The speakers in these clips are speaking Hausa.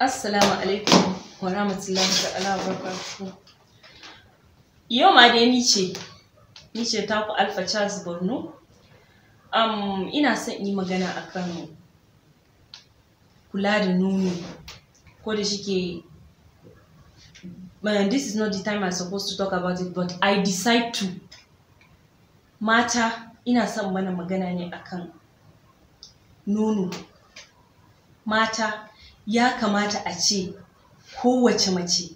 Assalamu alaikum wa rahmatullahi ta'ala wa barakatuhu. Yau ma dai ni ce, ni ce taku Alfa Charles Borno. Um, ina son yi magana akan kula da nono ko da shike this is not the time I'm supposed to talk about it but I decide to mata ina son mana magana ne akan nono mata ya kamata a ce kowace mace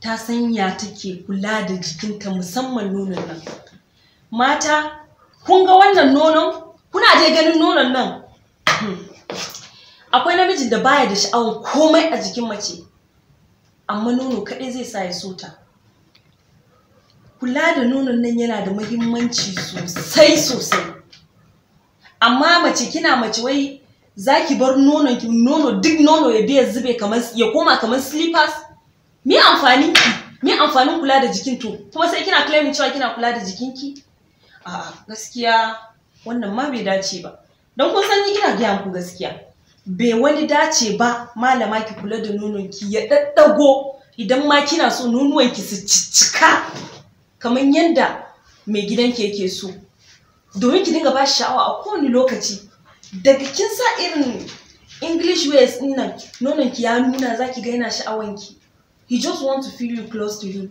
ta san ya take kula da jikinta musamman nonon nan mata kun ga wannan nonon kuna je ganin nonon nan hmm. akwai namijin da baya da sha'awar komai a jikin mace amma nono kaɗai zai sa ya sota kula da nonon nan yana da mahimmanci sosai sosai amma mace kina mace wai za ki bar nonon ki nono duk nono ya biya zube kamar ya koma kamar slippers me amfani ki me amfanin kula da jikin to kuma sai kina claiming cewa kina kula da jikin ki a gaskiya wannan ma bai dace ba don kun san ni kina gaya muku gaskiya bai wani dace ba malama ki kula da nonon ki ya daddago idan ma kina so nonuwan ki su cicika kamar yadda mai gidanki yake so domin ki dinga ba sha'awa a kowane lokaci daga kin sa irin English ways din nan nonon ki ya nuna zaki ga yana sha'awan ki he just want to feel you close to him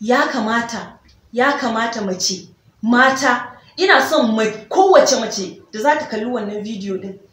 ya kamata ya kamata mace mata ina son kowace mace da za ta kalli wannan bidiyo din